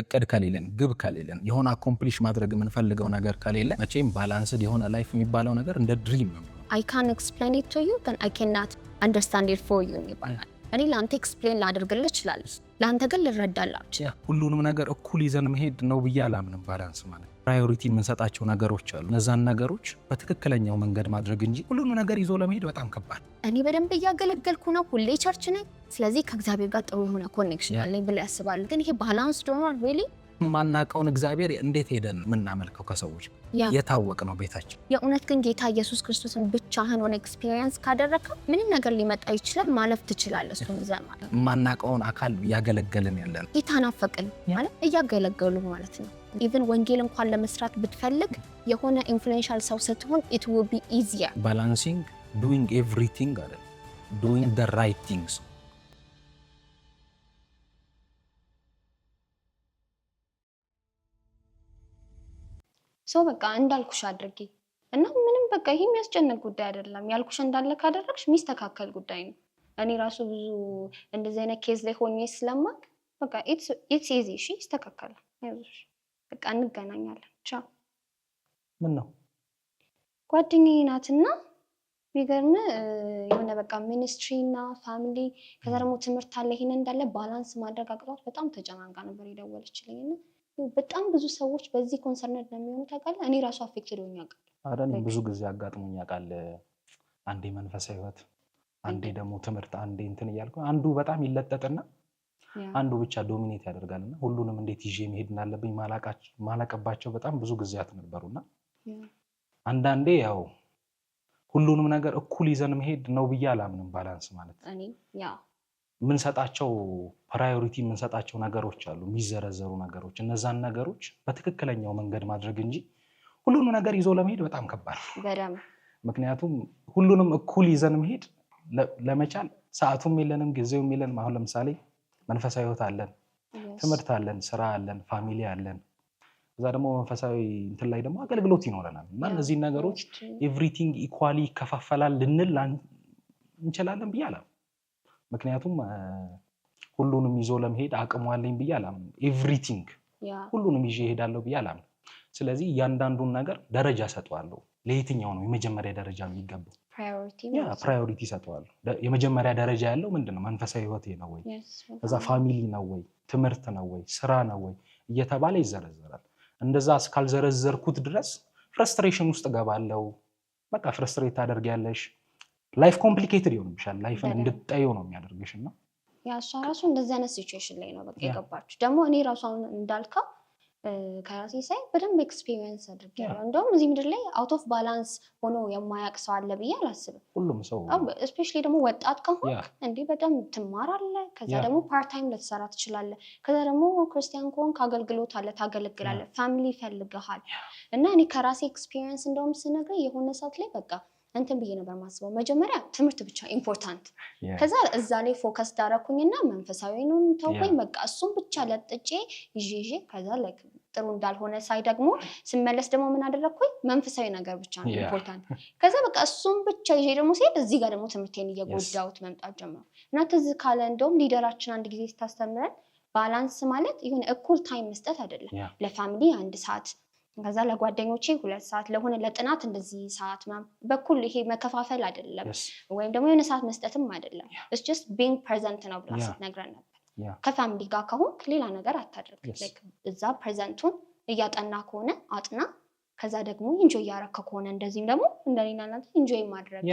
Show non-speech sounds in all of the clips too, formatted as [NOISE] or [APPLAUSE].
እቅድ ከሌለን ግብ ከሌለን የሆነ አኮምፕሊሽ ማድረግ የምንፈልገው ነገር ከሌለ መቼም ባላንስድ የሆነ ላይፍ የሚባለው ነገር እንደ ድሪም ነው። አይ ካን ኤክስፕሌን ኢት ቱ ዩ ግን አይ ኬናት አንደርስታንድ ኢት ፎር ዩ ይባላል። እኔ ለአንተ ኤክስፕሌን ላደርግልህ እችላለሁ፣ ለአንተ ግን ልረዳላችሁ። ሁሉንም ነገር እኩል ይዘን መሄድ ነው ብዬ አላምንም። ባላንስ ማለት ፕራዮሪቲ የምንሰጣቸው ነገሮች አሉ። እነዛን ነገሮች በትክክለኛው መንገድ ማድረግ እንጂ ሁሉንም ነገር ይዞ ለመሄድ በጣም ከባድ። እኔ በደንብ እያገለገልኩ ነው፣ ሁሌ ቸርች ነኝ። ስለዚህ ከእግዚአብሔር ጋር ጥሩ የሆነ ኮኔክሽን አለኝ ብላ ያስባሉ። ግን ይሄ ባላንስ ዶኗል ዌሊ ማናቀውን እግዚአብሔር እንዴት ሄደን የምናመልከው ከሰዎች የታወቅ ነው ቤታችን። የእውነት ግን ጌታ ኢየሱስ ክርስቶስን ብቻ ህንሆን ኤክስፒሪየንስ ካደረግከ ምንም ነገር ሊመጣ ይችላል፣ ማለፍ ትችላለህ። እሱን ዘማ ማናቀውን አካል እያገለገልን ያለን ጌታን አፈቅን ማለት እያገለገሉ ማለት ነው። ኢቨን ወንጌል እንኳን ለመስራት ብትፈልግ የሆነ ኢንፍሉዌንሻል ሰው ስትሆን ኢት ዊል ቢ ኢዚየር። ባላንሲንግ ዱዊንግ ኤቭሪቲንግ አለ ዱዊንግ ደ ራይት ቲንግስ ሰው በቃ እንዳልኩሽ አድርጌ እና ምንም በቃ ይሄ የሚያስጨንቅ ጉዳይ አይደለም። ያልኩሽ እንዳለ ካደረግሽ የሚስተካከል ጉዳይ ነው። እኔ ራሱ ብዙ እንደዚህ አይነት ኬዝ ላይ ሆኜ ስለማቅ በቃ ኢትስ ኢዚ። እሺ ይስተካከላል። በቃ እንገናኛለን። ቻው። ምን ነው ጓደኛዬ ናትና ቢገርም የሆነ በቃ ሚኒስትሪ እና ፋሚሊ ከዛ ደግሞ ትምህርት አለ። ይሄን እንዳለ ባላንስ ማድረግ አቅቷት በጣም ተጨናንቃ ነበር የደወለችልኝ እና በጣም ብዙ ሰዎች በዚህ ኮንሰርነድ ነው የሚሆኑ ታውቃለህ። እኔ ራሱ አፌክትድ ሆኜ አውቃለሁ። ብዙ ጊዜ አጋጥሞኝ ያውቃል። አንዴ መንፈሳዊ ህይወት፣ አንዴ ደግሞ ትምህርት፣ አንዴ እንትን እያልኩ አንዱ በጣም ይለጠጥና አንዱ ብቻ ዶሚኔት ያደርጋል እና ሁሉንም እንዴት ይዤ መሄድ እንዳለብኝ ማላቀባቸው በጣም ብዙ ጊዜያት ነበሩና አንዳንዴ ያው ሁሉንም ነገር እኩል ይዘን መሄድ ነው ብዬ አላምንም። ባላንስ ማለት የምንሰጣቸው ፕራዮሪቲ የምንሰጣቸው ነገሮች አሉ፣ የሚዘረዘሩ ነገሮች። እነዛን ነገሮች በትክክለኛው መንገድ ማድረግ እንጂ ሁሉንም ነገር ይዞ ለመሄድ በጣም ከባድ ምክንያቱም ሁሉንም እኩል ይዘን መሄድ ለመቻል ሰዓቱም የለንም፣ ጊዜውም የለንም። አሁን ለምሳሌ መንፈሳዊ ህይወት አለን፣ ትምህርት አለን፣ ስራ አለን፣ ፋሚሊ አለን። እዛ ደግሞ መንፈሳዊ እንትን ላይ ደግሞ አገልግሎት ይኖረናል እና እነዚህ ነገሮች ኤቭሪቲንግ ኢኳሊ ይከፋፈላል ልንል እንችላለን ብዬ አላም። ምክንያቱም ሁሉንም ይዞ ለመሄድ አቅሙ አለኝ ብዬ አላም። ኤቭሪቲንግ ሁሉንም ይዤ እሄዳለሁ ብዬ አላም። ስለዚህ እያንዳንዱን ነገር ደረጃ ሰጠዋለሁ። ለየትኛው ነው የመጀመሪያ ደረጃ የሚገባው? ፕራዮሪቲ ይሰጠዋል። የመጀመሪያ ደረጃ ያለው ምንድን ነው? መንፈሳዊ ህይወቴ ነው ወይ? ከዛ ፋሚሊ ነው ወይ? ትምህርት ነው ወይ? ስራ ነው ወይ? እየተባለ ይዘረዘራል። እንደዛ እስካልዘረዘርኩት ድረስ ፍረስትሬሽን ውስጥ እገባለሁ። በቃ ፍረስትሬት ታደርጊያለሽ። ላይፍ ኮምፕሊኬትድ ይሆንብሻል። ላይፍን እንድትጠይው ነው የሚያደርግሽ እና ያ እሷ ራሱ እንደዚህ አይነት ሲቹዌሽን ላይ ነው በቃ የገባችሁ ደግሞ እኔ ራሱ አሁን እንዳልከው ከራሴ ሳይ በደንብ ኤክስፒሪየንስ አድርጌያለሁ። እንደውም እዚህ ምድር ላይ አውት ኦፍ ባላንስ ሆኖ የማያውቅ ሰው አለ ብዬ አላስብም። ሁሉም ሰው እስፔሻሊ ደግሞ ወጣት ከሆንክ እንዲህ በደንብ ትማራለህ። ከዛ ደግሞ ፓርት ታይም ልትሰራ ትችላለህ። ከዛ ደግሞ ክርስቲያን ከሆንክ አገልግሎት አለ፣ ታገለግላለህ። ፋሚሊ ይፈልግሃል እና እኔ ከራሴ ኤክስፒሪየንስ እንደውም ስነግርህ የሆነ ሰዓት ላይ በቃ እንትን ብዬ ነበር ማስበው። መጀመሪያ ትምህርት ብቻ ኢምፖርታንት፣ ከዛ እዛ ላይ ፎከስ ዳረኩኝና መንፈሳዊንም ተውኩኝ። በቃ እሱም ብቻ ለጥጬ ይዤ ይዤ ከዛ ላይ ጥሩ እንዳልሆነ ሳይ ደግሞ ስመለስ ደግሞ ምን አደረግኩኝ? መንፈሳዊ ነገር ብቻ ነው ኢምፖርታንት። ከዛ በቃ እሱም ብቻ ይዤ ደግሞ ሲሄድ እዚህ ጋር ደግሞ ትምህርቴን እየጎዳሁት መምጣት ጀመሩ እና ትዝ ካለ እንደውም ሊደራችን አንድ ጊዜ ስታስተምረን ባላንስ ማለት የሆነ እኩል ታይም መስጠት አይደለም። ለፋሚሊ አንድ ሰዓት ከዛ ለጓደኞቼ ሁለት ሰዓት ለሆነ ለጥናት እንደዚህ ሰዓት በኩል ይሄ መከፋፈል አይደለም፣ ወይም ደግሞ የሆነ ሰዓት መስጠትም አይደለም። ኢትስ ጀስት ቢንግ ፕሬዘንት ነው ብላ ስትነግረን ነበር። ከፋሚሊ ጋር ከሆንክ ሌላ ነገር አታደርግ። እዛ ፕሬዘንቱን እያጠና ከሆነ አጥና። ከዛ ደግሞ ኢንጆይ እያረከ ከሆነ እንደዚህም ደግሞ እንደሌላ ናት ኢንጆይ ማድረግ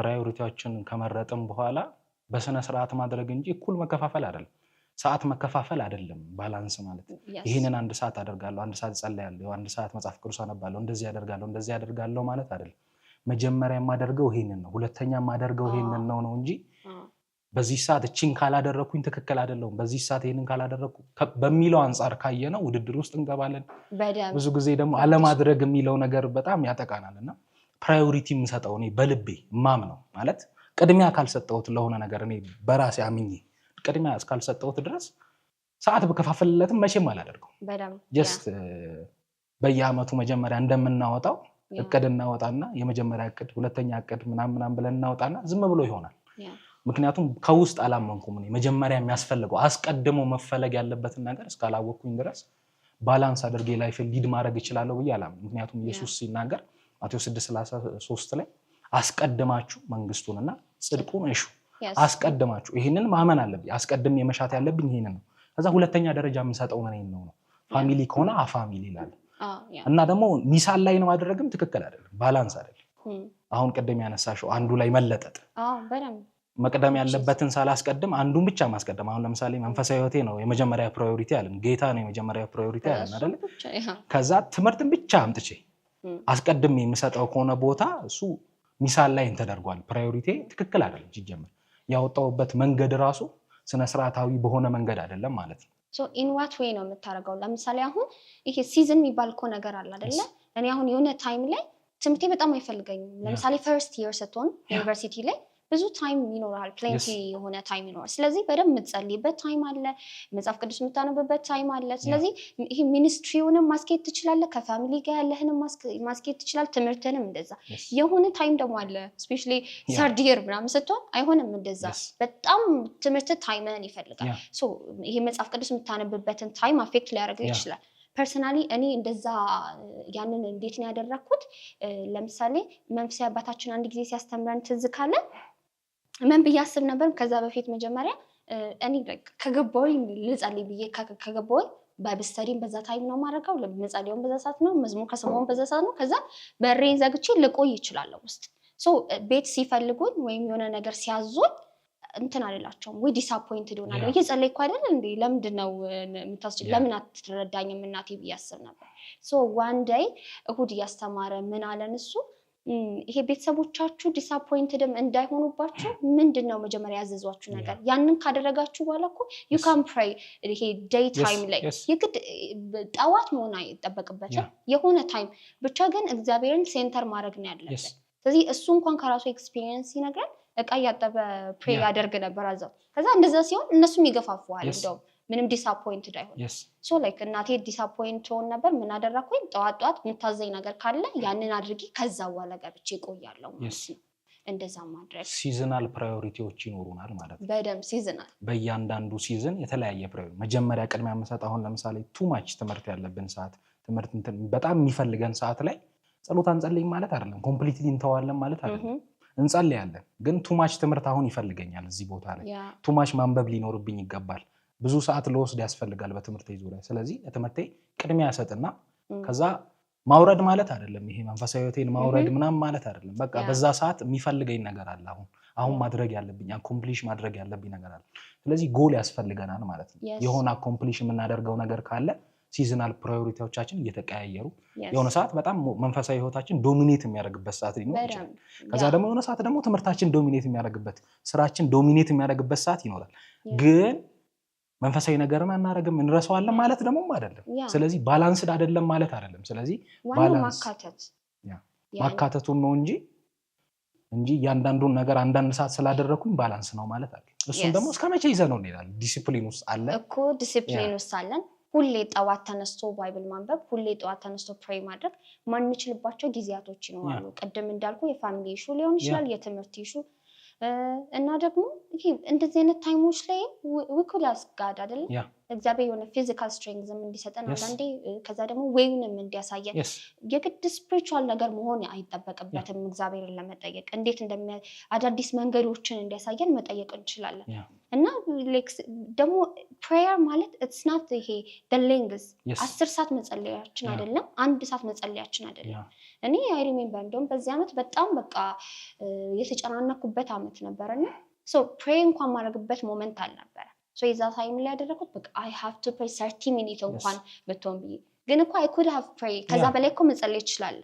ፕራዮሪቲዎችን ከመረጥም በኋላ በስነ ስርዓት ማድረግ እንጂ እኩል መከፋፈል አይደለም። ሰዓት መከፋፈል አይደለም ባላንስ ማለት ይህንን አንድ ሰዓት አደርጋለሁ፣ አንድ ሰዓት ጸልያለሁ፣ አንድ ሰዓት መጽሐፍ ቅዱስ አነባለሁ፣ እንደዚህ ያደርጋለሁ፣ እንደዚህ ያደርጋለሁ ማለት አይደለም። መጀመሪያ የማደርገው ይህንን ነው፣ ሁለተኛ የማደርገው ይህንን ነው ነው እንጂ በዚህ ሰዓት እችን ካላደረግኩኝ ትክክል አይደለሁም፣ በዚህ ሰዓት ይህንን ካላደረግኩ በሚለው አንጻር ካየነው ውድድር ውስጥ እንገባለን። ብዙ ጊዜ ደግሞ አለማድረግ የሚለው ነገር በጣም ያጠቃናል እና ፕራዮሪቲ የምሰጠው እኔ በልቤ ማም ነው ማለት ቅድሚያ ካልሰጠውት ለሆነ ነገር እኔ በራሴ አምኜ ቅድሚያ እስካልሰጠሁት ድረስ ሰዓት በከፋፈልለትም መቼም አላደርገው። ጀስት በየአመቱ መጀመሪያ እንደምናወጣው እቅድ እናወጣና የመጀመሪያ እቅድ፣ ሁለተኛ እቅድ ምናምን ምናምን ብለን እናወጣና ዝም ብሎ ይሆናል። ምክንያቱም ከውስጥ አላመንኩም። መጀመሪያ የሚያስፈልገው አስቀድሞ መፈለግ ያለበትን ነገር እስካላወቅኩኝ ድረስ ባላንስ አድርጌ ላይፍ ሊድ ማድረግ እችላለሁ ብዬ አላምንም። ምክንያቱም ኢየሱስ ሲናገር ማቴዎስ 6:33 ላይ አስቀድማችሁ መንግስቱንና ጽድቁን እሹ አስቀድማችሁ ይህንን ማመን አለብኝ። አስቀድም የመሻት ያለብኝ ይህንን ነው። ከዛ ሁለተኛ ደረጃ የምንሰጠው ምን ነው ነው ፋሚሊ ከሆነ አፋሚሊ ይላል እና ደግሞ ሚሳል ላይ ነው ማድረግም ትክክል አይደለም፣ ባላንስ አይደለም። hmm. አሁን ቅድም ያነሳሽው አንዱ ላይ መለጠጥ መቅደም ያለበትን ሳላስቀድም አንዱን ብቻ ማስቀደም። አሁን ለምሳሌ መንፈሳዊ ህይወቴ ነው የመጀመሪያ ፕራዮሪቲ አለን፣ ጌታ ነው የመጀመሪያ ፕራዮሪቲ አለን አይደለ? ከዛ ትምህርትን ብቻ አምጥቼ hmm. አስቀድም የምሰጠው ከሆነ ቦታ እሱ ሚሳል ላይ ተደርጓል። ፕራዮሪቲ ትክክል አይደለም ሲጀመር ያወጣውበት መንገድ ራሱ ስነስርዓታዊ በሆነ መንገድ አይደለም ማለት ነው። ኢን ዋት ዌይ ነው የምታደርገው? ለምሳሌ አሁን ይሄ ሲዝን የሚባል እኮ ነገር አለ አይደለ? እኔ አሁን የሆነ ታይም ላይ ትምህርቴ በጣም አይፈልገኝም። ለምሳሌ ፈርስት የር ስትሆን ዩኒቨርሲቲ ላይ ብዙ ታይም ይኖራል፣ ፕሌንቲ የሆነ ታይም ይኖራል። ስለዚህ በደንብ የምትጸልይበት ታይም አለ፣ መጽሐፍ ቅዱስ የምታነብበት ታይም አለ። ስለዚህ ይህ ሚኒስትሪውንም ማስኬት ትችላለህ፣ ከፋሚሊ ጋር ያለህንም ማስኬት ትችላለህ፣ ትምህርትንም እንደዛ። የሆነ ታይም ደግሞ አለ፣ እስፔሻሊ ሰርድየር ምናምን ስትሆን አይሆንም እንደዛ። በጣም ትምህርት ታይምን ይፈልጋል። ይሄ መጽሐፍ ቅዱስ የምታነብበትን ታይም አፌክት ሊያደርገው ይችላል። ፐርሰናሊ እኔ እንደዛ ያንን እንዴት ነው ያደረግኩት? ለምሳሌ መንፈሳዊ አባታችን አንድ ጊዜ ሲያስተምረን ትዝ ምን ብዬ አስብ ነበር። ከዛ በፊት መጀመሪያ እኔ ከገባሁኝ ልጸልይ ብዬ ከገባሁኝ ባይብል ስተዲን በዛ ታይም ነው ማድረገው። መጸለያውን በዛ ሰዓት ነው፣ መዝሙር ከሰማሁን በዛ ሰዓት ነው። ከዛ በሬን ዘግቼ ልቆይ ይችላለሁ ውስጥ ቤት ሲፈልጉኝ ወይም የሆነ ነገር ሲያዙኝ እንትን አልላቸውም ወይ ዲስአፖይንትድ ሆናለሁ። እየጸለይኩ አይደል እንዴ ለምንድን ነው የምታስችል ለምን አትረዳኝም እናቴ ብዬ አስብ ነበር። ሶ ዋን ዴይ እሁድ እያስተማረ ምን አለን እሱ ይሄ ቤተሰቦቻችሁ ዲስአፖይንትድም እንዳይሆኑባችሁ ምንድን ነው መጀመሪያ ያዘዟችሁ ነገር? ያንን ካደረጋችሁ በኋላ እኮ ዩ ካን ፕሬይ ይሄ ደይ ታይም ላይ የግድ ጠዋት መሆን አይጠበቅበትም። የሆነ ታይም ብቻ ግን እግዚአብሔርን ሴንተር ማድረግ ነው ያለበት። ስለዚህ እሱ እንኳን ከራሱ ኤክስፒሪየንስ ይነግረን እቃ እያጠበ ፕሬ ያደርግ ነበር አዛው። ከዛ እንደዛ ሲሆን እነሱም ይገፋፉሃል እንደውም ምንም ዲስአፖይንትድ አይሆንም። ሶ ላይክ እናቴ ዲስአፖይንት ሆን ነበር። ምን አደረኩኝ? ጠዋት ጠዋት የምታዘኝ ነገር ካለ ያንን አድርጊ፣ ከዛ በኋላ ገብቼ እቆያለሁ ማለት ነው። እንደዛ ማድረግ ሲዝናል ፕራዮሪቲዎች ይኖሩናል ማለት ነው። በደምብ ሲዝናል፣ በእያንዳንዱ ሲዝን የተለያየ ፕራዮሪቲ መጀመሪያ ቅድሚያ መሰጥ። አሁን ለምሳሌ ቱማች ትምህርት ያለብን ሰዓት ትምህርት በጣም የሚፈልገን ሰዓት ላይ ጸሎት አንጸልይም ማለት አይደለም። ኮምፕሊትሊ እንተዋለን ማለት አይደለም። እንጸልያለን፣ ግን ቱማች ትምህርት አሁን ይፈልገኛል እዚህ ቦታ ላይ ቱማች ማንበብ ሊኖርብኝ ይገባል ብዙ ሰዓት ለወስድ ያስፈልጋል በትምህርቴ ዙሪያ። ስለዚህ ትምህርቴ ቅድሚያ ሰጥና ከዛ ማውረድ ማለት አይደለም። ይሄ መንፈሳዊ ህይወቴን ማውረድ ምናም ማለት አይደለም። በቃ በዛ ሰዓት የሚፈልገኝ ነገር አለ። አሁን አሁን ማድረግ ያለብኝ አኮምፕሊሽ ማድረግ ያለብኝ ነገር አለ። ስለዚህ ጎል ያስፈልገናል ማለት ነው። የሆነ አኮምፕሊሽ የምናደርገው ነገር ካለ ሲዝናል ፕራዮሪቲዎቻችን እየተቀያየሩ የሆነ ሰዓት በጣም መንፈሳዊ ህይወታችን ዶሚኔት የሚያደርግበት ሰዓት ሊኖር ይችላል። ከዛ ደግሞ የሆነ ሰዓት ደግሞ ትምህርታችን ዶሚኔት የሚያደርግበት፣ ስራችን ዶሚኔት የሚያደርግበት ሰዓት ይኖራል ግን መንፈሳዊ ነገርን አናረግም እንረሳዋለን ማለት ደግሞ አይደለም። ስለዚህ ባላንስድ አይደለም ማለት አይደለም። ስለዚህ ማካተቱን ነው እንጂ እንጂ እያንዳንዱን ነገር አንዳንድ ሰዓት ስላደረኩኝ ባላንስ ነው ማለት አለ። እሱም ደግሞ እስከ መቼ ይዘ ነው እንሄዳለን? ዲሲፕሊን ውስጥ አለ እኮ ዲሲፕሊን ውስጥ አለን። ሁሌ ጠዋት ተነስቶ ባይብል ማንበብ፣ ሁሌ ጠዋት ተነስቶ ፕሬይ ማድረግ ማንችልባቸው ጊዜያቶች ይኖራሉ። ቅድም እንዳልኩ የፋሚሊ ኢሹ ሊሆን ይችላል፣ የትምህርት ኢሹ እና ደግሞ እንደዚህ አይነት ታይሞች ላይ ውኩል ጋድ አይደለም እግዚአብሔር የሆነ ፊዚካል ስትሬንግዝም እንዲሰጠን አንዳንዴ ከዛ ደግሞ ወይንም እንዲያሳየን የግድ ስፒሪቹዋል ነገር መሆን አይጠበቅበትም። እግዚአብሔርን ለመጠየቅ እንዴት አዳዲስ መንገዶችን እንዲያሳየን መጠየቅ እንችላለን። እና ደግሞ ፕሬየር ማለት ናት ይሄ ደሌንግዝ አስር ሰዓት መጸለያችን አይደለም፣ አንድ ሰዓት መጸለያችን አይደለም። እኔ አይ ሪሜምበር በዚህ ዓመት በጣም በቃ የተጨናነኩበት ዓመት ነበር እና እንኳን ማድረግበት ሞመንት አልነበረ የዛ ታይም ላይ ያደረኩት በቃ አይ ሃቭ ቱ ፕሬይ ሰርቲ ሚኒት እንኳን ብትሆን ብዬ ግን እኮ አይ ኩድ ሃቭ ፕሬይ ከዛ በላይ እኮ መጸለይ ይችላል።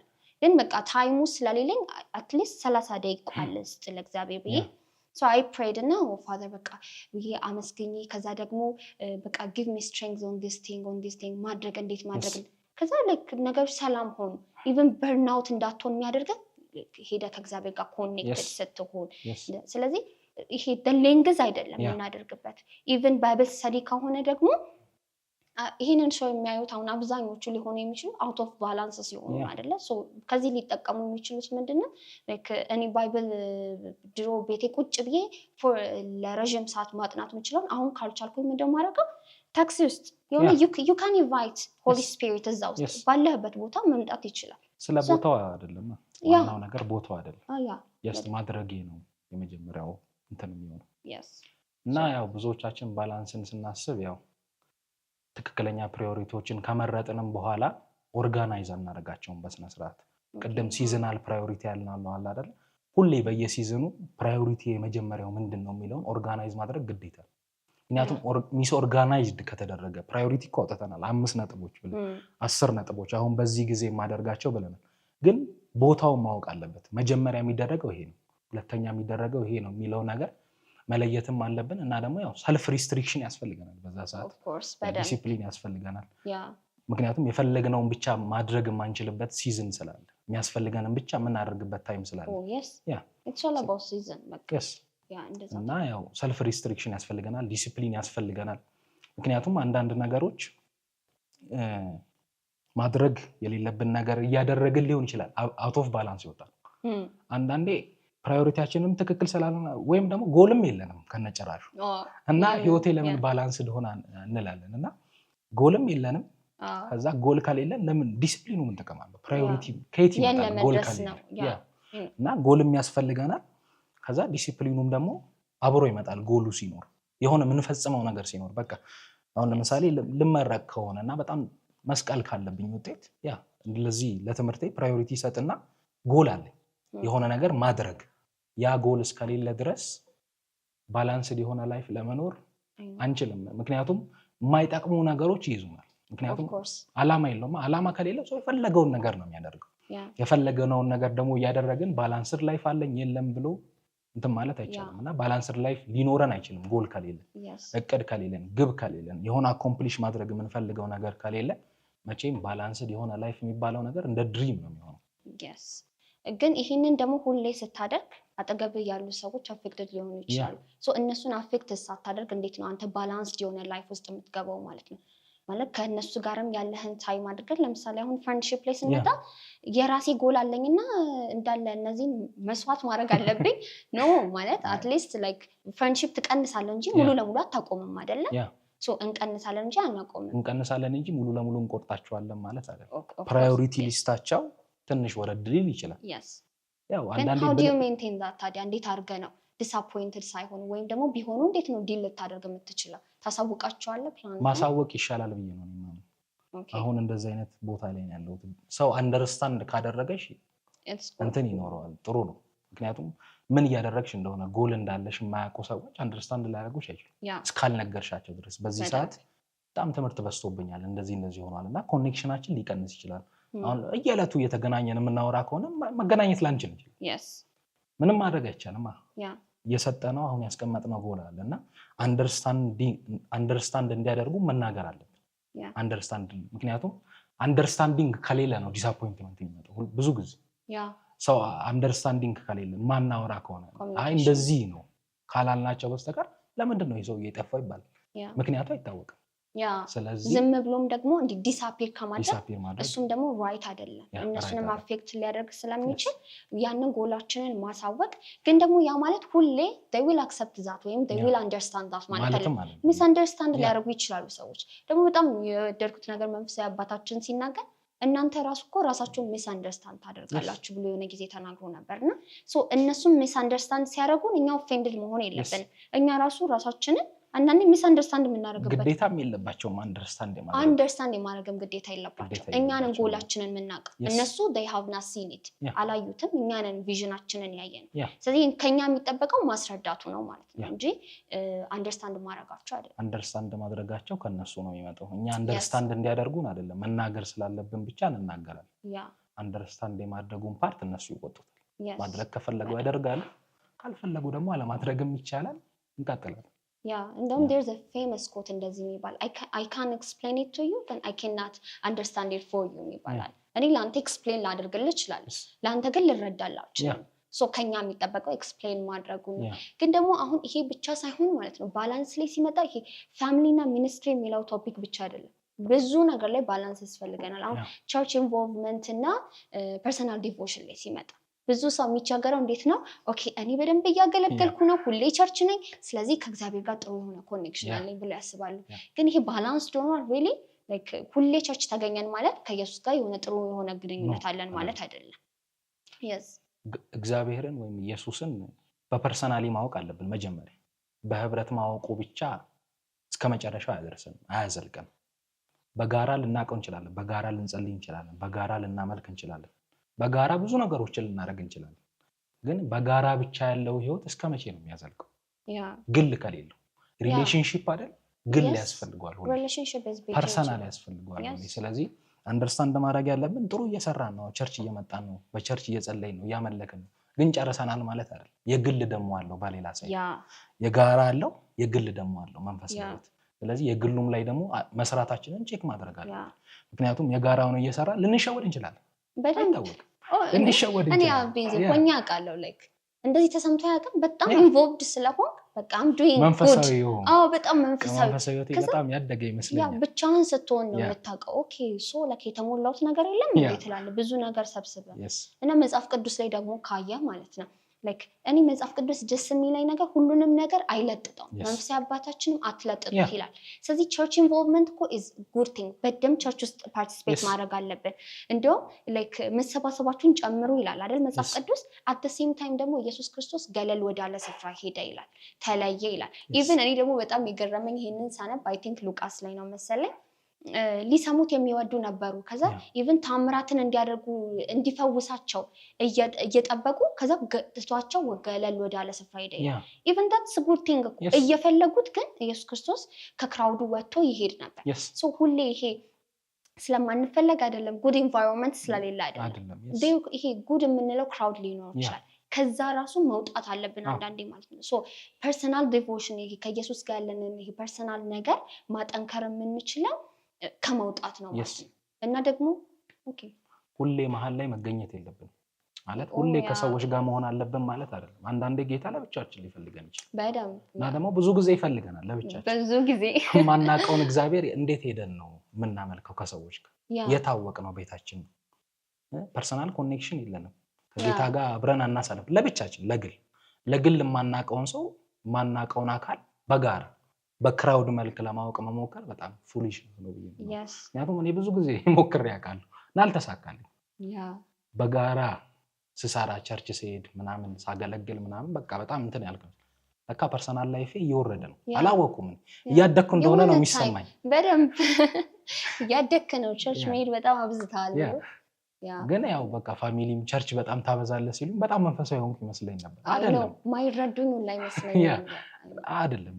ግን በቃ ታይሙ ስለሌለኝ አትሊስት ሰላሳ ደቂቃ አለ ለእግዚአብሔር hmm. ብዬ ሶ አይ ፕሬድ እና ፋዘር በቃ ብዬ አመስገኝ። ከዛ ደግሞ በቃ ጊቭ ሚ ስትሬንግዝ ኦን ዲስ ቲንግ ኦን ዲስ ቲንግ ማድረግ እንዴት ማድረግ ከዛ ላይክ ነገሮች ሰላም ሆኑ። ኢቨን በርናውት እንዳትሆን የሚያደርገን ሄደ ከእግዚአብሔር ጋር ኮኔክትድ ስትሆን ስለዚህ ይሄ ሌንግዝ አይደለም የምናደርግበት። ኢቨን ባይብል ስተዲ ከሆነ ደግሞ ይህንን ሰው የሚያዩት አሁን አብዛኞቹ ሊሆኑ የሚችሉ አውት ኦፍ ባላንስ ሲሆኑ አደለ ከዚህ ሊጠቀሙ የሚችሉት ምንድነው እኔ ባይብል ድሮ ቤቴ ቁጭ ብዬ ለረዥም ሰዓት ማጥናት የምችለውን አሁን ካልቻልኩኝ ምንድን ማድረገው ታክሲ ውስጥ የሆነ ዩ ካን ኢንቫይት ሆሊ ስፒሪት እዛ ውስጥ ባለህበት ቦታ መምጣት ይችላል። ስለ ቦታው አደለም ዋናው ነገር ቦታው አደለም አይደለም። ah, ማድረጌ ነው የመጀመሪያው እንትን የሚሆነው እና ያው ብዙዎቻችን ባላንስን ስናስብ ያው ትክክለኛ ፕራዮሪቲዎችን ከመረጥንም በኋላ ኦርጋናይዝ አናደርጋቸውም በስነስርዓት። ቅድም ሲዝናል ፕራዮሪቲ ያልናለው አለ ሁሌ በየሲዝኑ ፕራዮሪቲ የመጀመሪያው ምንድን ነው የሚለውን ኦርጋናይዝ ማድረግ ግዴታ ነው። ምክንያቱም mm. ሚስ ኦርጋናይዝድ ከተደረገ ፕራዮሪቲ እኮ አውጥተናል፣ አምስት ነጥቦች ብለን mm. አስር ነጥቦች አሁን በዚህ ጊዜ የማደርጋቸው ብለናል። ግን ቦታውን ማወቅ አለበት። መጀመሪያ የሚደረገው ይሄ ነው። ሁለተኛ የሚደረገው ይሄ ነው የሚለው ነገር መለየትም አለብን እና ደግሞ ያው ሰልፍ ሪስትሪክሽን ያስፈልገናል። በዛ ሰዓት ዲሲፕሊን ያስፈልገናል። ምክንያቱም የፈለግነውን ብቻ ማድረግ የማንችልበት ሲዝን ስላለ የሚያስፈልገንን ብቻ የምናደርግበት ታይም ስላለ oh, እና ያው ሰልፍ ሪስትሪክሽን ያስፈልገናል፣ ዲሲፕሊን ያስፈልገናል። ምክንያቱም አንዳንድ ነገሮች ማድረግ የሌለብን ነገር እያደረግን ሊሆን ይችላል። አውት ኦፍ ባላንስ ይወጣል hmm. አንዳንዴ ፕራዮሪቲያችንም ትክክል ስላልሆነ ወይም ደግሞ ጎልም የለንም ከነጭራሹ እና ህይወቴ ለምን ባላንስ እንደሆነ እንላለን እና ጎልም የለንም። ከዛ ጎል ከሌለ ለምን ዲስፕሊኑ ምን ጥቅም አለው? ፕራዮሪቲ ከየት ይመጣል? ጎል ከሌለ እና ጎልም ያስፈልገናል። ከዛ ዲስፕሊኑም ደግሞ አብሮ ይመጣል። ጎሉ ሲኖር የሆነ የምንፈጽመው ነገር ሲኖር በቃ አሁን ለምሳሌ ልመረቅ ከሆነ እና በጣም መስቀል ካለብኝ ውጤት ያ ለዚህ ለትምህርቴ ፕራዮሪቲ ይሰጥና ጎል አለኝ የሆነ ነገር ማድረግ ያ ጎል እስከሌለ ድረስ ባላንስድ የሆነ ላይፍ ለመኖር አንችልም። ምክንያቱም የማይጠቅሙ ነገሮች ይይዙናል። ምክንያቱም አላማ የለውም። አላማ ከሌለ ሰው የፈለገውን ነገር ነው የሚያደርገው። የፈለገነውን ነገር ደግሞ እያደረግን ባላንስድ ላይፍ አለኝ የለም ብሎ እንትን ማለት አይቻልም እና ባላንስድ ላይፍ ሊኖረን አይችልም። ጎል ከሌለን፣ እቅድ ከሌለን፣ ግብ ከሌለን፣ የሆነ አኮምፕሊሽ ማድረግ የምንፈልገው ነገር ከሌለ መቼም ባላንስድ የሆነ ላይፍ የሚባለው ነገር እንደ ድሪም ነው የሚሆነው። ግን ይህንን ደግሞ ሁሌ ስታደርግ አጠገብ ያሉ ሰዎች አፌክትድ ሊሆኑ ይችላሉ። እነሱን አፌክት ሳታደርግ እንዴት ነው አንተ ባላንስ የሆነ ላይፍ ውስጥ የምትገባው ማለት ነው? ማለት ከእነሱ ጋርም ያለህን ታይም አድርገን ለምሳሌ አሁን ፍሬንድሺፕ ላይ ስንመጣ የራሴ ጎል አለኝና እንዳለ እነዚህን መስዋዕት ማድረግ አለብኝ [LAUGHS] ኖ ማለት አትሊስት ላይክ ፍሬንድሺፕ ትቀንሳለህ እንጂ ሙሉ ለሙሉ አታቆምም አይደለም። እንቀንሳለን እንጂ አናቆምም። እንቀንሳለን እንጂ ሙሉ ለሙሉ እንቆርጣቸዋለን ማለት አይደለም። ፕራዮሪቲ ሊስታቸው ትንሽ ወረድ ሊል ይችላል። ታዲያ እንዴት አድርገ ነው ዲስአፖይንትድ ሳይሆን ወይም ደግሞ ቢሆኑ እንዴት ነው ዲል ልታደርግ የምትችለው? ታሳውቃቸዋለህ? ማሳወቅ ይሻላል ብዬ ነው አሁን እንደዚህ አይነት ቦታ ላይ ነው ያለሁት። ሰው አንደርስታንድ ካደረገሽ እንትን ይኖረዋል፣ ጥሩ ነው። ምክንያቱም ምን እያደረግሽ እንደሆነ ጎል እንዳለሽ የማያውቁ ሰዎች አንደርስታንድ ላያደርጉሽ አይችሉም እስካልነገርሻቸው ድረስ። በዚህ ሰዓት በጣም ትምህርት በዝቶብኛል፣ እንደዚህ እንደዚህ ሆኗል እና ኮኔክሽናችን ሊቀንስ ይችላል አሁን እየዕለቱ እየተገናኘን የምናወራ ከሆነ መገናኘት ላንችል እንችል ምንም ማድረግ አይቻልም። ነው አሁን ያስቀመጥነው ጎል አለ እና አንደርስታንድ እንዲያደርጉ መናገር አለብን። አንደርስታንድ ምክንያቱም አንደርስታንዲንግ ከሌለ ነው ዲስአፖይንትመንት የሚመጣው። ብዙ ጊዜ ሰው አንደርስታንዲንግ ከሌለ ማናወራ ከሆነ አይ እንደዚህ ነው ካላልናቸው በስተቀር ለምንድን ነው የሰውዬ የጠፋው ይባላል። ምክንያቱ አይታወቅም። ስለዚህ ዝም ብሎም ደግሞ እንዲ ዲስአፒር ከማድረግ እሱም ደግሞ ራይት አይደለም፣ እነሱንም አፌክት ሊያደርግ ስለሚችል ያንን ጎላችንን ማሳወቅ ግን ደግሞ ያ ማለት ሁሌ ዊል አክሰፕት ዛት ወይም ዊል አንደርስታንድ ዛት ማለት አለ። ሚስ አንደርስታንድ ሊያደርጉ ይችላሉ ሰዎች። ደግሞ በጣም የወደድኩት ነገር መንፈሳዊ አባታችን ሲናገር እናንተ ራሱ እኮ ራሳችሁን ሚስ አንደርስታንድ ታደርጋላችሁ ብሎ የሆነ ጊዜ ተናግሮ ነበር እና እነሱም ሚስ አንደርስታንድ ሲያደርጉን እኛ ኦፌንድድ መሆን የለብንም እኛ ራሱ ራሳችንን አንዳንዴ ሚስ አንደርስታንድ የምናደርግበት ግዴታም የለባቸውም። አንደርስታንድ አንደርስታንድ የማድረግም ግዴታ የለባቸው። እኛንን ጎላችንን የምናውቅ እነሱ ዴይ ሃቭ አላዩትም። እኛንን ቪዥናችንን ያየ ነው። ስለዚህ ከኛ የሚጠበቀው ማስረዳቱ ነው ማለት ነው እንጂ አንደርስታንድ ማድረጋቸው አይደለም። አንደርስታንድ ማድረጋቸው ከነሱ ነው የሚመጣው። እኛ አንደርስታንድ እንዲያደርጉን አይደለም። መናገር ስላለብን ብቻ እንናገራለን። አንደርስታንድ የማድረጉን ፓርት እነሱ ይወጡታል ማድረግ ከፈለጉ ያደርጋሉ፣ ካልፈለጉ ደግሞ አለማድረግም ይቻላል። እንቀጥላለን። ያ እንደውም ዴርዝ ፌመስ ኮት እንደዚህ የሚባል አይ ካን ኤክስፕሌን ኢት ቱ ዩ አይ ኬናት አንደርስታንድ ኢት ፎር ዩ ይባላል። እኔ ለአንተ ኤክስፕሌን ላደርግልህ እችላለሁ፣ ለአንተ ግን ልረዳልህ ሶ ከኛ የሚጠበቀው ኤክስፕሌን ማድረጉ ግን ደግሞ አሁን ይሄ ብቻ ሳይሆን ማለት ነው ባላንስ ላይ ሲመጣ ይሄ ፋሚሊና ሚኒስትሪ የሚለው ቶፒክ ብቻ አይደለም። ብዙ ነገር ላይ ባላንስ ያስፈልገናል። አሁን ቸርች ኢንቮልቭመንት እና ፐርሰናል ዲቮሽን ላይ ሲመጣ ብዙ ሰው የሚቸገረው እንዴት ነው? ኦኬ እኔ በደንብ እያገለገልኩ ነው፣ ሁሌ ቸርች ነኝ፣ ስለዚህ ከእግዚአብሔር ጋር ጥሩ የሆነ ኮኔክሽን አለኝ ብሎ ያስባሉ። ግን ይሄ ባላንስ ዶኗል ሪሊ ሁሌ ቸርች ተገኘን ማለት ከኢየሱስ ጋር የሆነ ጥሩ የሆነ ግንኙነት አለን ማለት አይደለም። እግዚአብሔርን ወይም ኢየሱስን በፐርሰናሊ ማወቅ አለብን መጀመሪያ። በህብረት ማወቁ ብቻ እስከ መጨረሻው አያደርስም፣ አያዘልቅም። በጋራ ልናውቀው እንችላለን፣ በጋራ ልንጸልይ እንችላለን፣ በጋራ ልናመልክ እንችላለን። በጋራ ብዙ ነገሮችን ልናደርግ እንችላለን። ግን በጋራ ብቻ ያለው ህይወት እስከ መቼ ነው የሚያዘልቀው? ግል ከሌለው ሪሌሽንሽፕ አይደል? ግል ያስፈልገዋል፣ ፐርሰናል ያስፈልገዋል። ስለዚህ አንደርስታንድ ማድረግ ያለብን ጥሩ እየሰራን ነው፣ ቸርች እየመጣን ነው፣ በቸርች እየጸለይን ነው፣ እያመለክን ነው። ግን ጨርሰናል ማለት አይደል። የግል ደሞ አለው በሌላ ሳይ የጋራ አለው፣ የግል ደሞ አለው መንፈስ ስለዚህ የግሉም ላይ ደግሞ መስራታችንን ቼክ ማድረግ አለ። ምክንያቱም የጋራውን እየሰራ ልንሸወድ እንችላለን በደንብ እንዲሸወድ እኔ ቤዝ ሆኜ አውቃለሁ። ላይክ እንደዚህ ተሰምቶ ያውቅም። በጣም ኢንቮልቭድ ስለሆን በጣም ዱይንግ መንፈሳዊ አዎ፣ በጣም መንፈሳዊ በጣም ያደገ ይመስለኛል። ብቻህን ስትሆን ነው የምታውቀው። ኦኬ ሶ ላይክ የተሞላሁት ነገር የለም ትላለህ፣ ብዙ ነገር ሰብስበህ እና መጽሐፍ ቅዱስ ላይ ደግሞ ካየህ ማለት ነው ላይክ እኔ መጽሐፍ ቅዱስ ደስ የሚለኝ ነገር ሁሉንም ነገር አይለጥጠውም፣ መንፈሳዊ አባታችንም አትለጥጡት ይላል። ስለዚህ ቸርች ኢንቮልቭመንት እኮ ኢዝ ጉድ ቲንግ። በደም ቸርች ውስጥ ፓርቲስፔት ማድረግ አለብን። እንዲሁም ላይክ መሰባሰባችሁን ጨምሩ ይላል አይደል መጽሐፍ ቅዱስ። አት ደ ሴም ታይም ደግሞ ኢየሱስ ክርስቶስ ገለል ወዳለ ስፍራ ሄደ ይላል፣ ተለየ ይላል። ኢቨን እኔ ደግሞ በጣም የገረመኝ ይሄንን ሳነብ አይ ቲንክ ሉቃስ ላይ ነው መሰለኝ ሊሰሙት የሚወዱ ነበሩ። ከዛ ኢቭን ታምራትን እንዲያደርጉ እንዲፈውሳቸው እየጠበቁ ከዛ ትቷቸው ገለል ወዳለ ስፍራ ሄደ። ኢቭን ዳትስ ጉድ ቲንግ እየፈለጉት ግን ኢየሱስ ክርስቶስ ከክራውዱ ወጥቶ ይሄድ ነበር። ሁሌ ይሄ ስለማንፈለግ አይደለም፣ ጉድ ኢንቫይሮንመንት ስለሌለ አይደለም። ይሄ ጉድ የምንለው ክራውድ ሊኖር ይችላል። ከዛ ራሱ መውጣት አለብን አንዳንዴ ማለት ነው። ሶ ፐርሰናል ዲቮሽን ይሄ ከኢየሱስ ጋር ያለንን ይሄ ፐርሰናል ነገር ማጠንከር የምንችለው ከመውጣት ነው ማለት እና ደግሞ ሁሌ መሀል ላይ መገኘት የለብን ማለት ሁሌ ከሰዎች ጋር መሆን አለብን ማለት አይደለም። አንዳንዴ ጌታ ለብቻችን ሊፈልገን ይችላል። በደምብ እና ደግሞ ብዙ ጊዜ ይፈልገናል ለብቻችን። ብዙ ጊዜ [LAUGHS] የማናውቀውን እግዚአብሔር እንዴት ሄደን ነው የምናመልከው? ከሰዎች ጋር የታወቅ ነው ቤታችን ፐርሰናል ኮኔክሽን የለንም ከጌታ ጋር አብረን አናሳለፍ። ለብቻችን ለግል ለግል የማናውቀውን ሰው የማናውቀውን አካል በጋራ በክራውድ መልክ ለማወቅ መሞከር በጣም ፉሊሽ ነው። ምክንያቱም እኔ ብዙ ጊዜ [LAUGHS] ሞክር አውቃለሁ እና አልተሳካልኝ። በጋራ ስሰራ ቸርች ስሄድ ምናምን ሳገለግል ምናምን በቃ በጣም እንትን ያልከው በቃ ፐርሰናል ላይፍ እየወረደ ነው። አላወቁም እያደግኩ እንደሆነ ነው የሚሰማኝ። በደንብ [LAUGHS] እያደግክ ነው። ቸርች መሄድ በጣም አብዝተዋል። ግን ያው በቃ ፋሚሊም ቸርች በጣም ታበዛለ ሲሉ በጣም መንፈሳዊ ሆንኩ ይመስለኝ ነበር። ማይረዱኝ ላይ አይደለም፣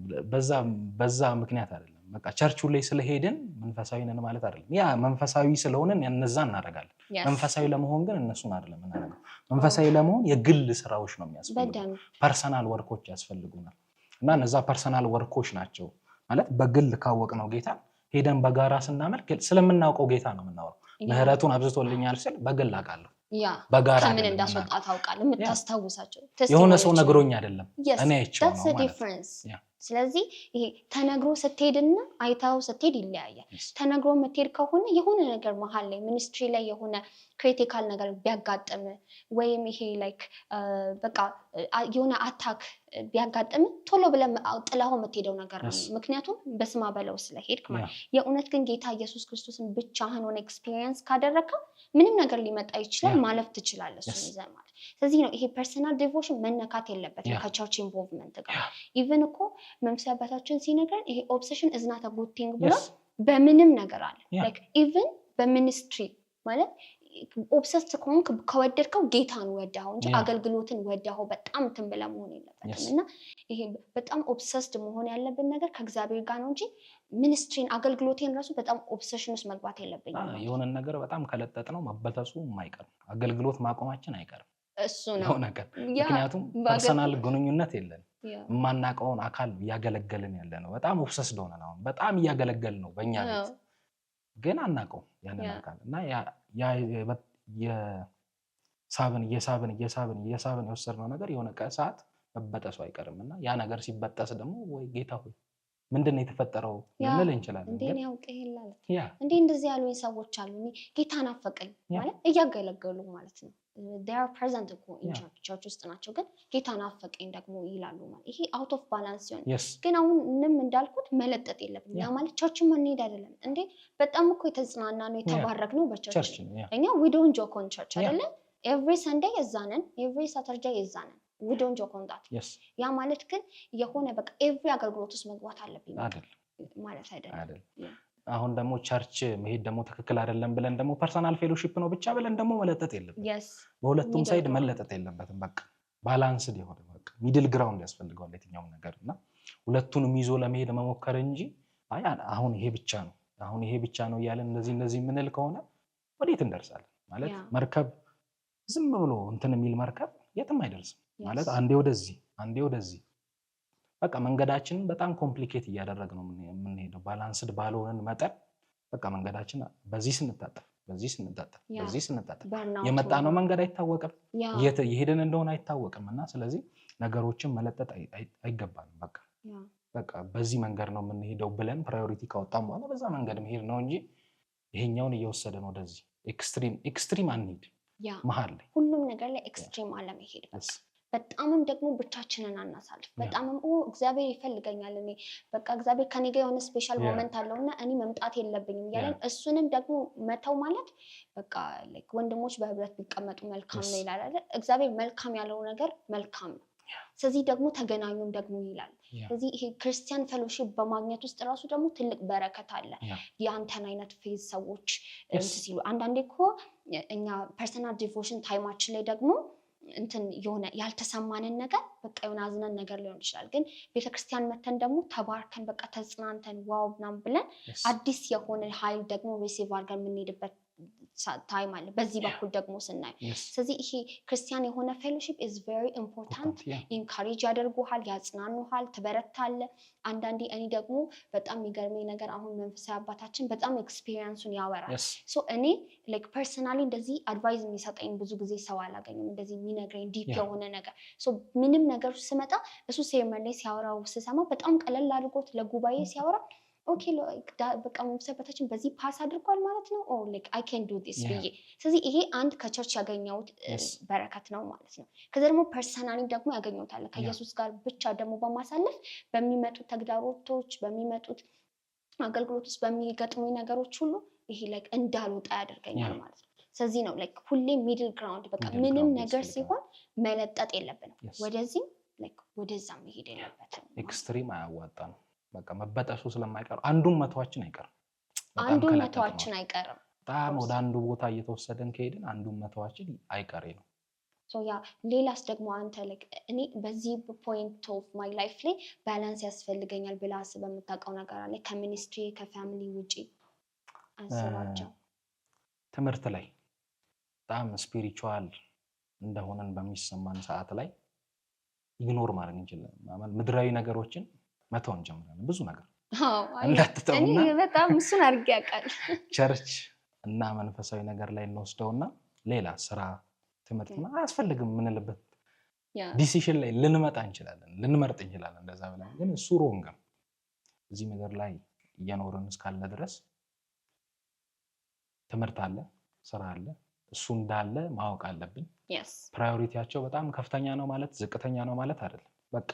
በዛ ምክንያት አይደለም። በቃ ቸርቹ ላይ ስለሄድን መንፈሳዊ ነን ማለት አይደለም። ያ መንፈሳዊ ስለሆንን እነዛ እናደርጋለን። መንፈሳዊ ለመሆን ግን እነሱን አይደለም እናደርገው። መንፈሳዊ ለመሆን የግል ስራዎች ነው የሚያስፈልጉ፣ ፐርሰናል ወርኮች ያስፈልጉናል። እና እነዛ ፐርሰናል ወርኮች ናቸው ማለት በግል ካወቅነው ጌታ ሄደን በጋራ ስናመልክ ስለምናውቀው ጌታ ነው የምናወራው ምህረቱን አብዝቶልኛል ስል በግል አውቃለሁ። በጋራ ከምን እንዳስወጣ ታውቃለህ። የምታስታውሳቸው የሆነ ሰው ነግሮኝ አይደለም እኔ አይቼው ነው ማለት ስለዚህ ይሄ ተነግሮ ስትሄድና አይታው ስትሄድ ይለያያል። ተነግሮ የምትሄድ ከሆነ የሆነ ነገር መሀል ላይ ሚኒስትሪ ላይ የሆነ ክሪቲካል ነገር ቢያጋጥም ወይም ይሄ ላይክ በቃ የሆነ አታክ ቢያጋጥም ቶሎ ብለህ ጥላሁ የምትሄደው ነገር ነው። ምክንያቱም በስማ በለው ስለሄድክ ማለት። የእውነት ግን ጌታ ኢየሱስ ክርስቶስን ብቻህን ሆነ ኤክስፒሪየንስ ካደረግከው ምንም ነገር ሊመጣ ይችላል፣ ማለፍ ትችላለህ እሱን ይዘህ ማለት። ስለዚህ ነው ይሄ ፐርሰናል ዲቮሽን መነካት የለበትም ከቸርች ኢንቮልቭመንት ጋር ኢቨን እኮ መምስያ አባታችን ሲነግረን ይሄ ኦብሴሽን እዝናተ ጉድ ብሎ በምንም ነገር አለ ኢቭን በሚኒስትሪ ማለት ኦብሰስት ከሆንክ ከወደድከው ጌታን ወዳሁ እንጂ አገልግሎትን ወዳሁ በጣም እንትን ብለህ መሆን የለበትም። እና ይሄ በጣም ኦብሰስድ መሆን ያለብን ነገር ከእግዚአብሔር ጋር ነው እንጂ ሚኒስትሪን አገልግሎቴን ራሱ በጣም ኦብሰሽን ውስጥ መግባት የለብኝ። የሆነን ነገር በጣም ከለጠጥ ነው መበተሱ አይቀርም። አገልግሎት ማቆማችን አይቀርም። እሱ ነው ነገር ምክንያቱም ፐርሰናል ግንኙነት የለን የማናቀውን አካል እያገለገልን ያለ ነው። በጣም ኦብሰስ ደሆነ ነው። በጣም እያገለገል ነው በእኛ ቤት ግን አናቀው ያንን አካል እና የሳብን እየሳብን እየሳብን እየሳብን የወሰድነው ነገር የሆነ ሰዓት መበጠሱ አይቀርም እና ያ ነገር ሲበጠስ ደግሞ ወይ ጌታ ሆይ ምንድን ነው የተፈጠረው ልንል እንችላለን። እንዴ እንደዚህ ያሉኝ ሰዎች አሉ። ጌታ ናፈቀኝ ማለት እያገለገሉ ማለት ነው። ፕሬዘንት እኮ ቸርች ውስጥ ናቸው፣ ግን ጌታ ናፈቀኝ ደግሞ ይላሉ። ማለት ይሄ አውት ኦፍ ባላንስ ሲሆን፣ ግን አሁን አሁንም እንዳልኩት መለጠጥ የለብን። ያ ማለት ቸርች መንሄድ አይደለም እንዴ። በጣም እኮ የተጽናና ነው የተባረክ ነው በቸርች እኛ ዊዶን ጆኮን ቸርች አይደለም። ኤቭሪ ሰንደይ የዛንን ኤቭሪ ሳተርዳይ የዛንን ዊ ዶንት ጆክ ያ ማለት ግን የሆነ በቃ ኤቭሪ አገልግሎት ውስጥ መግባት አለብኝ ማለት አይደለም። አሁን ደግሞ ቸርች መሄድ ደግሞ ትክክል አይደለም ብለን ደግሞ ፐርሰናል ፌሎሺፕ ነው ብቻ ብለን ደግሞ መለጠጥ የለበትም። በሁለቱም ሳይድ መለጠጥ የለበትም። በቃ ባላንስድ የሆነ በቃ ሚድል ግራውንድ ያስፈልገዋል የትኛውም ነገር እና ሁለቱንም ይዞ ለመሄድ መሞከር እንጂ አሁን ይሄ ብቻ ነው አሁን ይሄ ብቻ ነው እያለን እንደዚህ እንደዚህ የምንል ከሆነ ወዴት እንደርሳለን? ማለት መርከብ ዝም ብሎ እንትን የሚል መርከብ የትም አይደርስም። ማለት አንዴ ወደዚህ አንዴ ወደዚህ በቃ መንገዳችንን በጣም ኮምፕሊኬት እያደረግ ነው የምንሄደው። ባላንስድ ባልሆነን መጠን በቃ መንገዳችን በዚህ ስንታጠፍ በዚህ ስንታጠፍ በዚህ ስንታጠፍ የመጣነው መንገድ አይታወቅም፣ የሄደን እንደሆነ አይታወቅም። እና ስለዚህ ነገሮችን መለጠጥ አይገባንም። በቃ በቃ በዚህ መንገድ ነው የምንሄደው ብለን ፕራዮሪቲ ካወጣም በኋላ በዛ መንገድ መሄድ ነው እንጂ ይሄኛውን እየወሰደን ወደዚህ ኤክስትሪም ኤክስትሪም አንሄድ። መሀል ላይ ሁሉም ነገር ላይ ኤክስትሪም አለመሄድ በጣምም ደግሞ ብቻችንን አናሳልፍ። በጣምም እግዚአብሔር ይፈልገኛል፣ እኔ በቃ እግዚአብሔር ከኔ ጋር የሆነ ስፔሻል ሞመንት አለው እና እኔ መምጣት የለብኝም እያለን እሱንም ደግሞ መተው ማለት በቃ ወንድሞች በህብረት ቢቀመጡ መልካም ነው ይላል አይደል? እግዚአብሔር መልካም ያለው ነገር መልካም ነው። ስለዚህ ደግሞ ተገናኙም ደግሞ ይላል። ስለዚህ ይሄ ክርስቲያን ፌሎሺፕ በማግኘት ውስጥ ራሱ ደግሞ ትልቅ በረከት አለ። የአንተን አይነት ፌዝ ሰዎች ሲሉ አንዳንዴ እኮ እኛ ፐርሰናል ዲቮሽን ታይማችን ላይ ደግሞ እንትን የሆነ ያልተሰማንን ነገር በቃ የሆነ አዝነን ነገር ሊሆን ይችላል። ግን ቤተክርስቲያን መተን ደግሞ ተባርከን በቃ ተጽናንተን ዋው ምናምን ብለን አዲስ የሆነ ኃይል ደግሞ ሪሲቭ አድርገን የምንሄድበት ታይም አለ። በዚህ በኩል ደግሞ ስናየው፣ ስለዚህ ይሄ ክርስቲያን የሆነ ፌሎሺፕ ኢዝ ቨሪ ኢምፖርታንት። ኢንካሬጅ ያደርጉሃል፣ ያጽናኑሃል፣ ትበረታለ። አንዳንዴ እኔ ደግሞ በጣም የሚገርመኝ ነገር አሁን መንፈሳዊ አባታችን በጣም ኤክስፔሪንሱን ያወራል። እኔ ላይክ ፐርሰናሊ እንደዚህ አድቫይዝ የሚሰጠኝ ብዙ ጊዜ ሰው አላገኝም፣ እንደዚህ የሚነግረኝ ዲፕ የሆነ ነገር። ምንም ነገር ስመጣ እሱ ሴመር ላይ ሲያወራው ስሰማ በጣም ቀለል አድርጎት ለጉባኤ mm. ሲያወራ ኦኬ በቃ መሰበታችን በዚህ ፓስ አድርጓል ማለት ነው። ላይክ አይ ካን ዱ ዲስ ብዬ ስለዚህ ይሄ አንድ ከቸርች ያገኘሁት በረከት ነው ማለት ነው። ከዚ ደግሞ ፐርሰናሊ ደግሞ ያገኘሁታል ከኢየሱስ ጋር ብቻ ደግሞ በማሳለፍ በሚመጡት ተግዳሮቶች፣ በሚመጡት አገልግሎት ውስጥ በሚገጥሙ ነገሮች ሁሉ ይሄ ላይክ እንዳልወጣ ያደርገኛል ማለት ነው። ስለዚህ ነው ላይክ ሁሌ ሚድል ግራውንድ በቃ ምንም ነገር ሲሆን መለጠጥ የለብንም ወደዚህም ወደዛ መሄድ የለበትም። ኤክስትሪም አያዋጣም። በቃ መበጠሱ ስለማይቀር አንዱን መተዋችን አይቀርም። አንዱን መተዋችን አይቀርም። በጣም ወደ አንዱ ቦታ እየተወሰደን ከሄድን አንዱን መተዋችን አይቀሬ ነው። ያ ሌላስ ደግሞ አንተ ልክ እኔ በዚህ ፖይንት ኦፍ ማይ ላይፍ ላይ ባላንስ ያስፈልገኛል ብላ አስበህ የምታውቀው ነገር አለ? ከሚኒስትሪ ከፋሚሊ ውጪ አስባቸው። ትምህርት ላይ በጣም ስፒሪቹዋል እንደሆነን በሚሰማን ሰዓት ላይ ኢግኖር ማድረግ እንችላለን። ምድራዊ ነገሮችን መተው እንጀምራለን። ብዙ ነገር በጣም እሱን አድርጌ ያውቃል። [LAUGHS] ቸርች እና መንፈሳዊ ነገር ላይ እንወስደውና ሌላ ስራ፣ ትምህርት አያስፈልግም የምንልበት ዲሲሽን ላይ ልንመጣ እንችላለን፣ ልንመርጥ እንችላለን። እንደዛ ብለን ግን እሱ ሮንግ እዚህ ነገር ላይ እየኖርን እስካለ ድረስ ትምህርት አለ፣ ስራ አለ። እሱ እንዳለ ማወቅ አለብን። ፕራዮሪቲያቸው በጣም ከፍተኛ ነው ማለት ዝቅተኛ ነው ማለት አይደለም። በቃ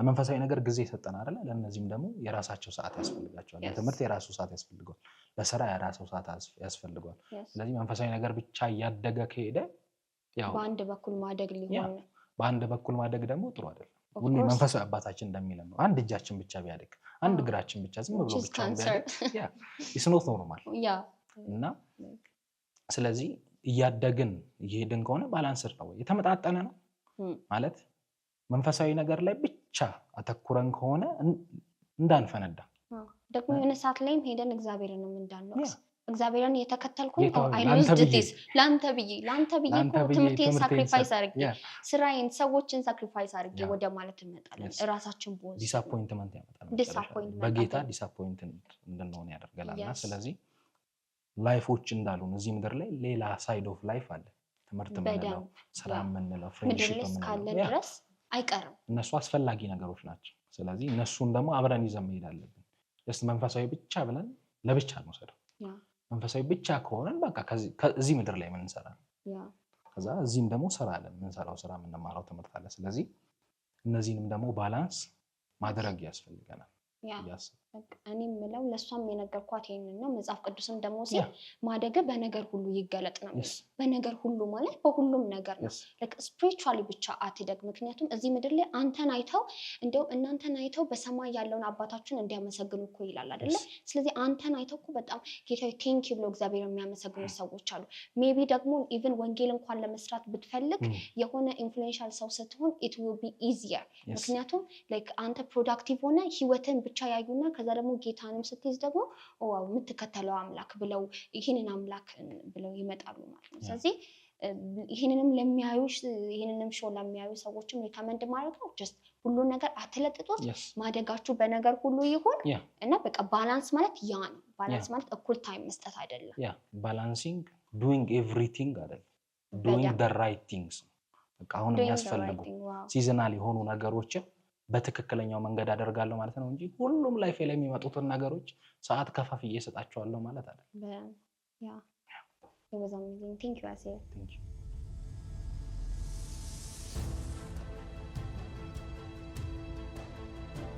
ለመንፈሳዊ ነገር ጊዜ የሰጠን አለ። ለእነዚህም ደግሞ የራሳቸው ሰዓት ያስፈልጋቸዋል። ለትምህርት የራሱ ሰዓት ያስፈልገዋል። ለስራ የራሰው ሰዓት ያስፈልገዋል። ስለዚህ መንፈሳዊ ነገር ብቻ እያደገ ከሄደ በአንድ በኩል ማደግ ሊሆን በአንድ በኩል ማደግ ደግሞ ጥሩ አይደለም። ሁሉ መንፈሳዊ አባታችን እንደሚለን ነው። አንድ እጃችን ብቻ ቢያደግ፣ አንድ oh. እግራችን ብቻ ዝም ብሎ ብቻ ይስኖት ኖርማል እና ስለዚህ እያደግን እየሄድን ከሆነ ባላንስር ነው ወይ የተመጣጠነ ነው hmm. ማለት መንፈሳዊ ነገር ላይ ብቻ ብቻ አተኩረን ከሆነ እንዳንፈነዳ ደግሞ የሆነ ሰዓት ላይም ሄደን እግዚአብሔርን እንዳንወቅስ እግዚአብሔርን እየተከተልኩኝ ለአንተ ብዬ ለአንተ ብዬ ትምህርቴን ሳክሪፋይስ አድርጌ ስራዬን፣ ሰዎችን ሳክሪፋይስ አድርጌ ወደ ማለት እንመጣለን። እራሳችን ዲስአፖይንትመንት ያመጣል። በጌታ ዲስአፖይንት እንድንሆን ያደርገናል። እና ስለዚህ ላይፎች እንዳሉን እዚህ ምድር ላይ ሌላ ሳይድ ኦፍ ላይፍ አለ። ትምህርት ምንለው፣ ስራ የምንለው ፍሬንድሽፕ ድረስ አይቀርም። እነሱ አስፈላጊ ነገሮች ናቸው። ስለዚህ እነሱን ደግሞ አብረን ይዘን መሄድ አለብን። ስ መንፈሳዊ ብቻ ብለን ለብቻ እንውሰደው። መንፈሳዊ ብቻ ከሆነን በቃ እዚህ ምድር ላይ ምን ከዛ እዚህም ደግሞ ስራ አለ፣ የምንሰራው ስራ፣ የምንማረው ትምህርት አለ። ስለዚህ እነዚህንም ደግሞ ባላንስ ማድረግ ያስፈልገናል። እኔ የምለው ለእሷም የነገርኳት ይህንን ነው። መጽሐፍ ቅዱስም ደግሞ ሲል ማደገ በነገር ሁሉ ይገለጥ ነው። በነገር ሁሉ ማለት በሁሉም ነገር ነው። ስፒሪቹዋሊ ብቻ አትደግ። ምክንያቱም እዚህ ምድር ላይ አንተን አይተው እንዲሁም እናንተን አይተው በሰማይ ያለውን አባታችን እንዲያመሰግኑ እኮ ይላል አይደለ? ስለዚህ አንተን አይተው እኮ በጣም ጌታ ቴንኪ ብሎ እግዚአብሔር የሚያመሰግኑ mm. ሰዎች አሉ። ሜቢ ደግሞ ኢቨን ወንጌል እንኳን ለመስራት ብትፈልግ mm. የሆነ ኢንፍሉዌንሻል ሰው ስትሆን ኢት ዊል ቢ ኢዚየር። ምክንያቱም አንተ ፕሮዳክቲቭ ሆነ ህይወትን ብቻ ያዩና ከዛ ደግሞ ጌታንም ስትይዝ ደግሞ የምትከተለው አምላክ ብለው ይህንን አምላክ ብለው ይመጣሉ ማለት ነው። ስለዚህ ይህንንም ለሚያዩ ይህንንም ሾ ለሚያዩ ሰዎችም ሪከመንድ ማድረግ ነው ጀስት ሁሉን ነገር አትለጥጡት። ማደጋችሁ በነገር ሁሉ ይሁን እና በቃ ባላንስ ማለት ያ ነው። ባላንስ ማለት እኩል ታይም መስጠት አይደለም። ያ ባላንሲንግ ዱንግ ኤቭሪቲንግ አይደለም፣ ዱንግ ደ ራይት ቲንግስ በቃ አሁን የሚያስፈልጉ ሲዝናል የሆኑ ነገሮችን በትክክለኛው መንገድ አደርጋለሁ ማለት ነው እንጂ ሁሉም ላይፌ ላይ የሚመጡትን ነገሮች ሰዓት ከፋፍዬ እየሰጣቸዋለሁ ማለት አለ።